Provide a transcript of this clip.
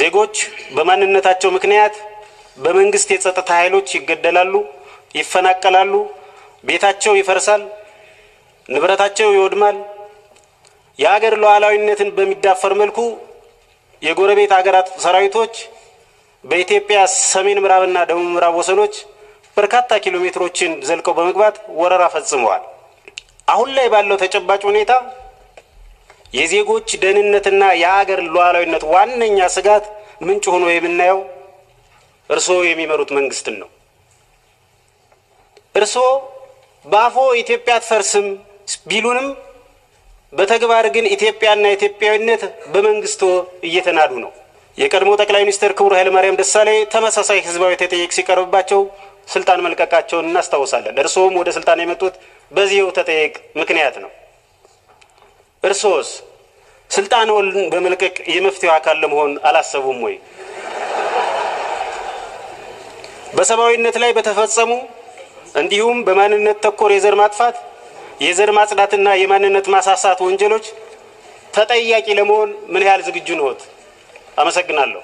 ዜጎች በማንነታቸው ምክንያት በመንግስት የጸጥታ ኃይሎች ይገደላሉ፣ ይፈናቀላሉ፣ ቤታቸው ይፈርሳል፣ ንብረታቸው ይወድማል። የሀገር ሉዓላዊነትን በሚዳፈር መልኩ የጎረቤት አገራት ሰራዊቶች በኢትዮጵያ ሰሜን ምዕራብና ደቡብ ምዕራብ ወሰኖች በርካታ ኪሎ ሜትሮችን ዘልቀው በመግባት ወረራ ፈጽመዋል። አሁን ላይ ባለው ተጨባጭ ሁኔታ የዜጎች ደህንነትና የሀገር ሉዓላዊነት ዋነኛ ስጋት ምንጭ ሆኖ የምናየው እርስዎ የሚመሩት መንግስትን ነው። እርስዎ በአፎ ኢትዮጵያ አትፈርስም ቢሉንም በተግባር ግን ኢትዮጵያና ኢትዮጵያዊነት በመንግስቶ እየተናዱ ነው። የቀድሞ ጠቅላይ ሚኒስትር ክቡር ኃይለማርያም ደሳሌ ተመሳሳይ ህዝባዊ ተጠየቅ ሲቀርብባቸው ስልጣን መልቀቃቸውን እናስታውሳለን። እርስዎም ወደ ስልጣን የመጡት በዚህው ተጠየቅ ምክንያት ነው። እርሶስ ስልጣንዎን በመልቀቅ የመፍትሄው አካል ለመሆን አላሰቡም ወይ? በሰብአዊነት ላይ በተፈጸሙ እንዲሁም በማንነት ተኮር የዘር ማጥፋት፣ የዘር ማጽዳትና የማንነት ማሳሳት ወንጀሎች ተጠያቂ ለመሆን ምን ያህል ዝግጁ ነዎት? አመሰግናለሁ።